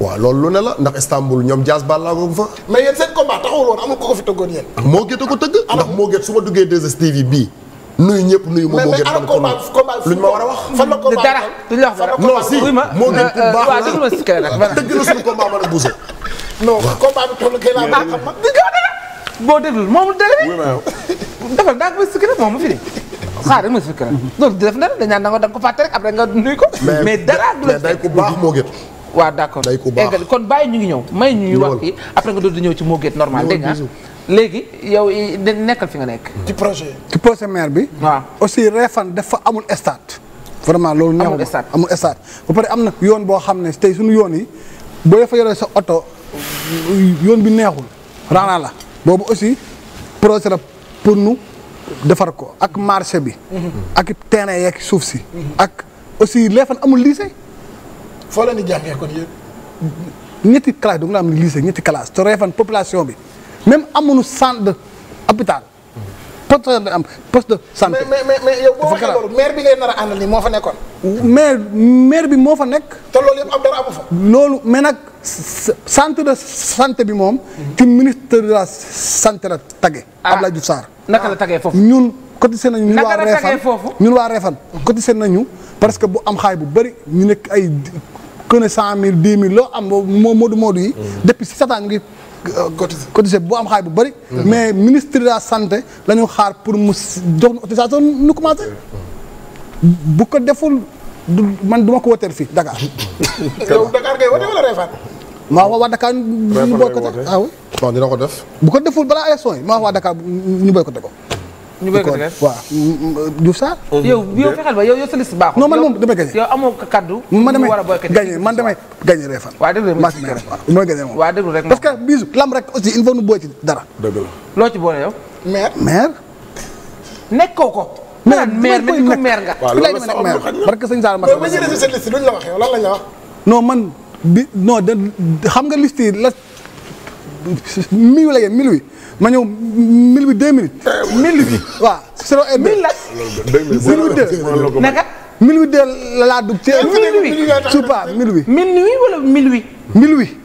waaw loolu lu ne la ndax Istanbul ñoom Diaz Balla ko fa. mais yéen seen combat taxawul woon amul ko ko fi tëggoon yéen. Ah, moo gën ko tëgg. Ah, ndax moo gën su ma duggee 2STV bii. nuyu ñëpp nuyu moo gën fan luñ ma war a wax. fan la combat dara duñ la wax dara non si moo gën ku baax la dëgg la suñu combat a buuse. non combat bi toll kay laa baax xam ma. boo déglul moom dara dafa daa ko sikki rek moom mu fi de xaaral ma sikki loolu def na dañ naan da nga ko fàtte rek après nga nuyu ko mais dara du la day ku baax moo gën waaw d'accord eggal kon bàyyi ñu ngi ñëw may ñu ñu wax kii après nga doon ñëw ci moo géet normal dégg nga léegi yow nekkal fi nga nekk ci projet ci projet maire bi waaw aussi Réfane dafa amul stade vraiment loolu neexul amul stade amul stade ba pare am na yoon boo xam ne tey suñu yoon yi boo dafa yoree oto yoon bi neexul raanaa la boobu aussi projet la pour nu defar ko ak marché bi mhm. ak terrain yeeg suuf si ak aussi Réfane amul lycée foo leen di jàngee kon yéen. ñetti classe da nga ñetti classe te Réfane population bi même amuñu centre de hôpital. am poste de santé. mais mais maire bi ngay nar a àndal moo fa nekkoon. maire maire bi moo fa nekk. te loolu yëpp am dara nag centre de santé bi moom. ci ministre de la santé la tagge. ah Abdoulaye Diouf Sarr. naka la tagee foofu ñun. cotisé nañu ñun waa Réfane ñun waa Réfane nañu parce que bu am xaay bu bëri ñu nekk ay que ne cent mille dix mille loo am moom moodu moodu yi. depuis sept ans ngi euh, cotisé cotisé bu am xaay bu bëri. mais ministre la santé la xaar pour mu jox ñu autorisation nu commencé. bu ko deful du man du ma ko woteel fii Dakar. yow Dakar ngay wote wala wax Dakar ñu boycotté. ah oui bon dina ko def. bu ko deful balaa élection yi maa wax waa Dakar ñu boycotté ko. ñu bëgg a def waaw mm, mm, euh, Diouf Sarr. yow yow mm-hmm. fexeel ba yow yow sa liste baaxul. non man moom damay gagné yow amoo kaddu. Mm, man damay gagné man damay gagné Réfane. waaw déglu rek mooy gagné moom. waaw déglu rek parce que bisu lam rek aussi il faut nu boole ci dara. dëgg la loo ci boole yow. maire maire. nekkoo ko. maire maire mi ko maire nga. waaw loolu sax amul xaj na parce que sëñ Sarr ma. mais ñu sa liste duñ la waxee lan lañ la wax. non man bi non de xam nga liste yi la mil la yem mil wi. ma ñëw mil bi deux minutes. Eh, mil bi waaw. sero et mil la. loolu deux naka. mil wi de la laa dugg ci. suupa mil wi. mil wi wala mil wi. mil wi.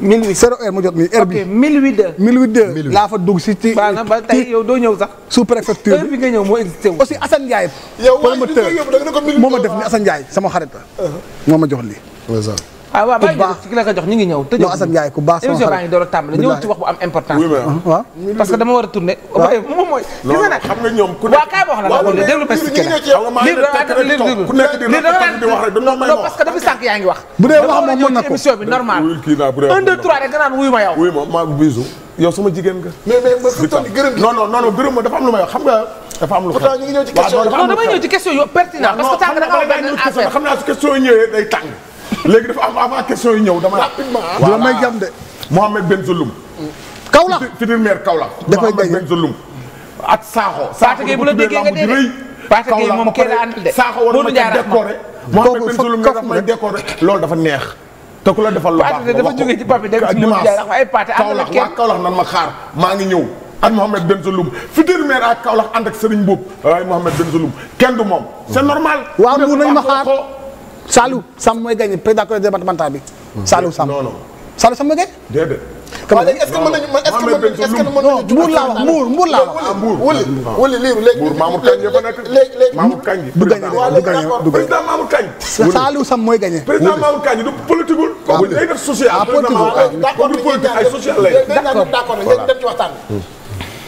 mil wi zéro heure mu jot nii heure bi ok laa fa dugg si ci. baana ba tey yow doo ñëw sax. sous préfecture heure bi nga ñëw moo existé wu. aussi Assane Ndiaye. yow promoteur moo ma def ni Assane Ndiaye sama xarit uh-huh. moo ma jox lii. ah waaw bàyyi ki la ko jox ñu ngi ñëw. tëjoo Assane Ndiaye ku baax sama xarit émission baa ngi door a tàmbali ñëw ci wax bu am importance. waaw ah. ah. parce que dama war a tourné. waaw moom mooy. gis nga nag xam nga ñoom ku nekk waaw kaay wax la waaw développé si kenn ku nekk di rafetlu di wax rek dañoo may wax parce que depuis sànq yaa ngi wax. bu dee wax moom mën na ko émission bi normal. un deux trois rek nga naan wuyu ma yow. wuyu ma maa ngi bisu yow sama jigéen nga. mais mais ba fi toll nii gërëm non non non gërëm ma dafa am lu may wax xam nga dafa am lu pourtant ñu ngi ñëw ci question yi. waaw non damay ñëw ci question yu pertinent parce que tàng da nga wax benn affaire xam naa su question yi ñëwee day tàng léegi dafa am avant question yu ñëw dama. la may jam de. Mohamed Benzeloum. Kaolack futur maire Kaolack. dafay gañ Mohamed Benzeloum. ak Sakho. Sakho la déggee nga dee Pathé de Modou Ndiaye raxma Sakho war na ma may loolu dafa neex. te ku la defal lu baax dafa jógee ci papi dem ci Modou Ndiaye raxma ay Pathé am na kenn Kaolack nan ma xaar maa ngi ñëw. ak Mohamed Benzeloum futur maire ak Kaolack ànd ak Serigne Mboup waaye Mohamed Benzeloum kenn du moom. c'est normal. waaw bu nañ ma xaar Saalum Samb mooy gagné président collège départemental bi. Saalum Samb non non. Saalum Samb mooy gagné. déedéet. waaw léegi est ce que mën nañu est ce que mën nañu mbuur laa wax mbuur mbuur laa wax. wuli wuli liiru léegi. mbuur Mamour Kañ ñëpp a nekk. léegi léegi Mamour Kañ du gagné du gagné du gagné président Mamour Kañ. Saalum Samb mooy gagné. président Mamour Kañ du politique wul. waaw day def social. ah politique wul ah politique ay social lay. d' accord d' accord léegi dem ci waxtaan bi.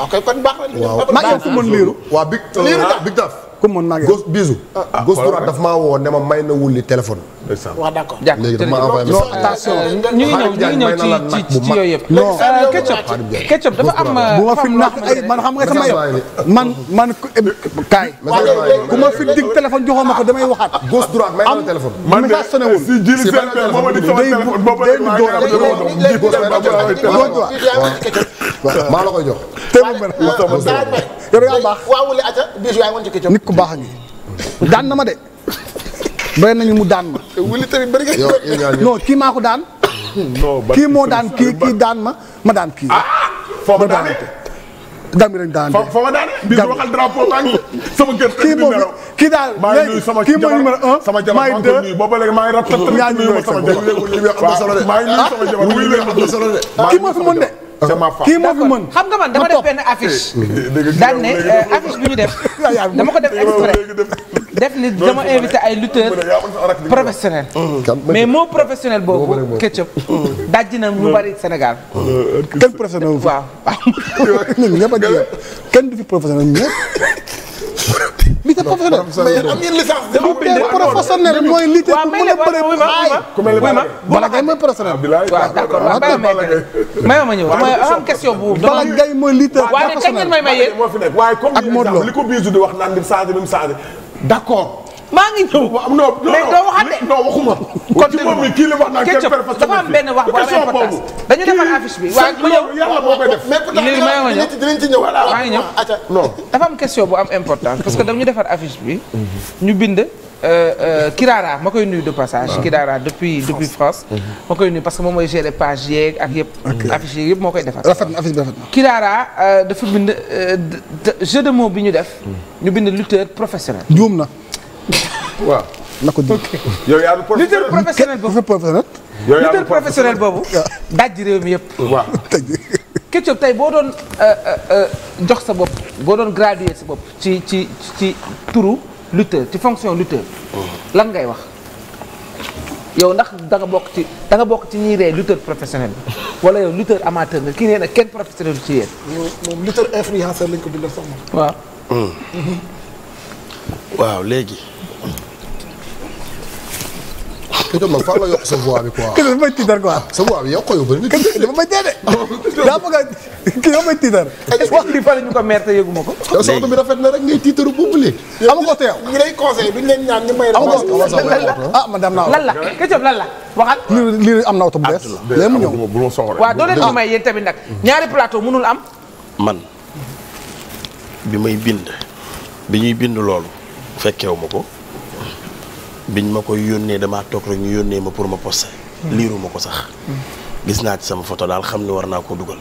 ok kon baax na. waaw maa ngi fu mën liiru. waaw big. liiru ah, daf ku mu mën maa ngi gos bisu. ah, ah gos bu daf maa woo ne may na wulli téléphone. waaw d'accord léegi dama envoyé message. attention euh, ñu ngi ñëw ñu ngi ñëw ci ci ci yooyu yëpp. non euh, ketchup ketchup euh, ma fi nax ay man xam nga sama yow. man man eh, ku ma fi dig téléphone joxoon ma ko damay waxaat. gos droit may na téléphone. man de si ji li seen téléphone moom di sama téléphone boobu day mu door a doon gos may na téléphone. maa la koy jox. yow yaa baax waaw wala aca bijou yaa woon ci nit ku baax a ngi daan na ma de bëri nañu mu daan ma. wuli tamit bëri ngeen non kii maa ko daan. kii moo daan kii kii daan ma ma daan kii. ah, ah foo ma daane daan bi lañ daan foo foo ma daane. bi waxal drapeau maa ngi sama kër kii moom kii daal léegi kii mooy numéro un. sama jabar maa ngi koy nuyu boobu léegi maa ngi rafetlu. ñaar ñu ngi lay sama jabar maa ngi nuyu sama jabar. ah wuyu leen am na solo de. kii moo fi mën de. sama ah, femme kii moo fi mën xam nga man dama def benn affiche. Eh, daan ne euh, affiche bi ñu def. dama ko def exprès def ni dama invité ay lutteurs professionnels. Mm. mais moo professionnel boobu Ketchup. Mm. daj na ñu bari Sénégal. Euh, kenn professionnel waaw waaw. ñun ñëpp a kenn du fi professionnel ñëpp. professionnel mais yéen professionnel mooy lutte bu mën a bëre bu aay. ku mel ni Balla Gaye mooy professionnel. waaw d'accord waaw bàyyi ma ñëw mayoo ma ñëw damay am question mooy lutte waaye kañ ngeen ak Modou Lo waaye comme li ko biisu wax naan di changé bi mu changé d'accord maa ngi ñëw non non mais doo waxate non waxuma. dafa am def léegi ma ma ñëw dinañ ci question bu am important parce que dañu defar affiche bi mhm. ñu bind euh, euh, Kirara ma koy nuyu de passage Kirara depuis depuis France mhm. ma koy nuyu parce que moom mooy gérer page yeeg ak yëpp affiche yeeg yëpp moo koy defar rafet na affiche bi rafet na Kirara euh, dafa bind jeu de mots bi ñu def mhm. ñu bind lutteur professionnel juum na waaw na ko di. yow yaa ngi professionnel boobu professionnel. yow yaa ngi professionnel boobu. dajji réew mi yëpp. waaw Ketchup tey boo doon euh, euh, euh, jox sa bopp boo doon graduer sa bopp ci ci ci turu lutteur ci fonction lutteur. lan ngay wax. yow ndax da bokk ci da nga bokk ci ñiy ree lutteur professionnel wala yow lutteur amateur nga kii nee na kenn professionnel ci yéen. moom lutteur lañ ko bindal sax waaw léegi. kër Diop nag faaw nga yokk sa voix bi quoi. kër Diop dafay tiitar quoi. sa voix bi yokk a yóbbu. kër Diop dafa may dee de. daa bëgg a kii dafa may tiitar. wax li fa la ñu ko meer te yëgu ma ko. léegi yow sa oto bi rafet na rek ngay tiitaru bu bële. amu ko teew ñu lay conseillé duñ leen ñaan ñu may. amu ko ah man dam naa lan la kër Diop lan la waxal. lii lii am na oto bu bees. léegi mu ñëw bu ma soxla waaw doo leen ñu may yéen tamit nag. Mm. ñaari plateau mënul am. man bi may bind bi ñuy bind loolu fekkeewu ma ko biñ ma koy yónnee damaa toog rek ñu yónnee ma pour ma poster. liiruma ko sax. gis naa ci sama photo daal xam ni war naa koo dugal.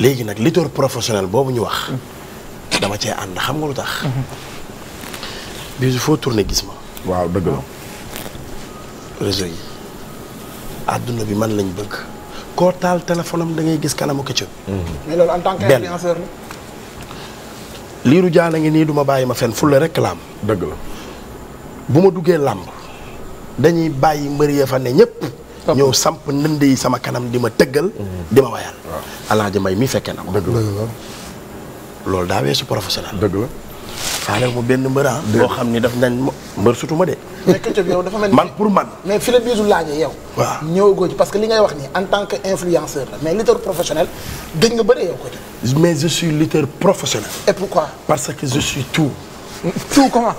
léegi nag lutteur professionnel boobu ñu wax. dama cee ànd xam nga lu tax. bisu foo tourné gis ma. waaw dëgg la. réseau yi àdduna bi man lañ bëgg. koo taal téléphone am da ngay gis kanamu këccëg. Mm-hmm. mais liiru jaan a ngi nii duma bàyyi ma fen fulla rek laam dëgg la bu ma duggee làmb dañuy bàyyi mbër ya fa ne ñëpp ñëw samp ndënd yi sama kanam di ma tëggal mm-hmm. di ma wayal alaaji mbay mi fekkee na loolu daa weesu professionnel dëgg la daaneel mu benn mbër ah. boo xam ni daf nañ mbër sutu ma de. mais Ketchup yow dafa mel man pour man. mais fi la laajee yow. waaw ñëwagoo ci parce que li ngay wax nii en tant que influenceur la mais lutteur professionnel gëj nga bëre yow Ketchup. mais je suis lutteur professionnel. et pourquoi. parce que je suis tout. tout comment.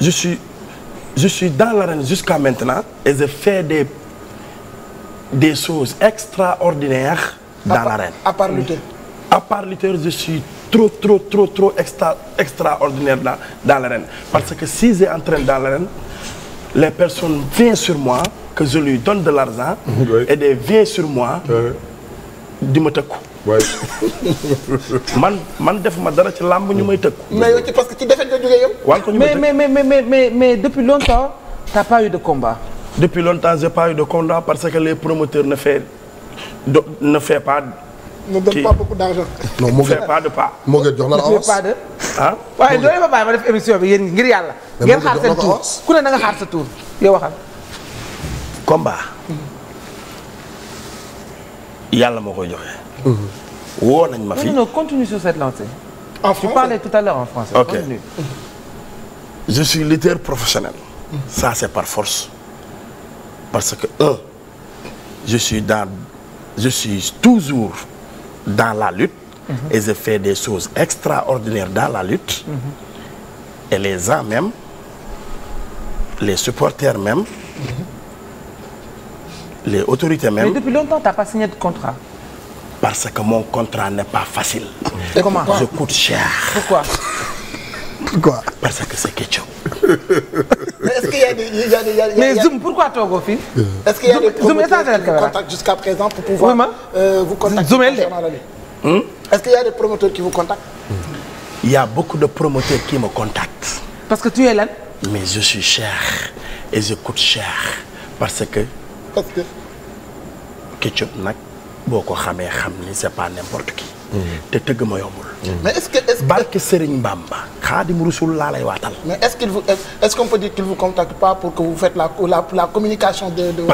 je suis je suis dans l'arène jusqu'à maintenant. et je fais des des choses extraordinaires. dans l'arène à part lutteur. à part lutteur je suis. trop trop trop trop extra extraordinaire dans dans l'arène parce que si j'entraîne dans l'arène les personnes viennent sur moi que je lui donne de l'argent oui. et des viennent sur moi di ma tëkku man man def ma dara ci lamb ñu may tëkku mais yow parce que ci defet nga jógee yow waaw ko ñu mais mais mais mais mais depuis longtemps t'as pas eu de combat depuis longtemps j'ai pas eu de combat parce que les promoteurs ne fait ne fait pas ne donne pas beaucoup d'argent. non moo gën pas de ah? ngir yàlla. ngeen xaar ku ne na nga xaar sa tour yow waxal. moo koy joxe. Mhm. woo nañ ma fii non non continue sur cette en français tu parlais tout je suis lutteur professionnel. Mhm. ça c'est par force. parce que un je suis dans je suis toujours. dans la lutte. Mm -hmm. et je fais des choses extraordinaires dans la lutte. Mm et les gens même les supporters même. les autorités même. mais depuis longtemps t'as pas signé de contrat. parce que mon contrat n'est pas facile. Et comment je coûte cher. pourquoi. parce que c'est Ketchup. mais est-ce que y a a des, a, a, mais Zoom pourquoi toogoo fii. est-ce que y a des promoteurs qui vous contactent jusqu'à présent pour pouvoir. Euh, vous hmm? est-ce que y a des promoteurs qui vous contactent. il y beaucoup de promoteurs qui me contactent. parce que tu es lan. mais je suis cher et je coûte cher parce que. parce que. Ketchup nag boo ko xamee xam ni c'est pas n'importe qui. te tëgg ma yombul. mais est-ce que est-ce que barke Serigne laa lay waatal. mais est-ce qu'il vous dire qu'il vous contacte pas pour que vous faites la communication de de.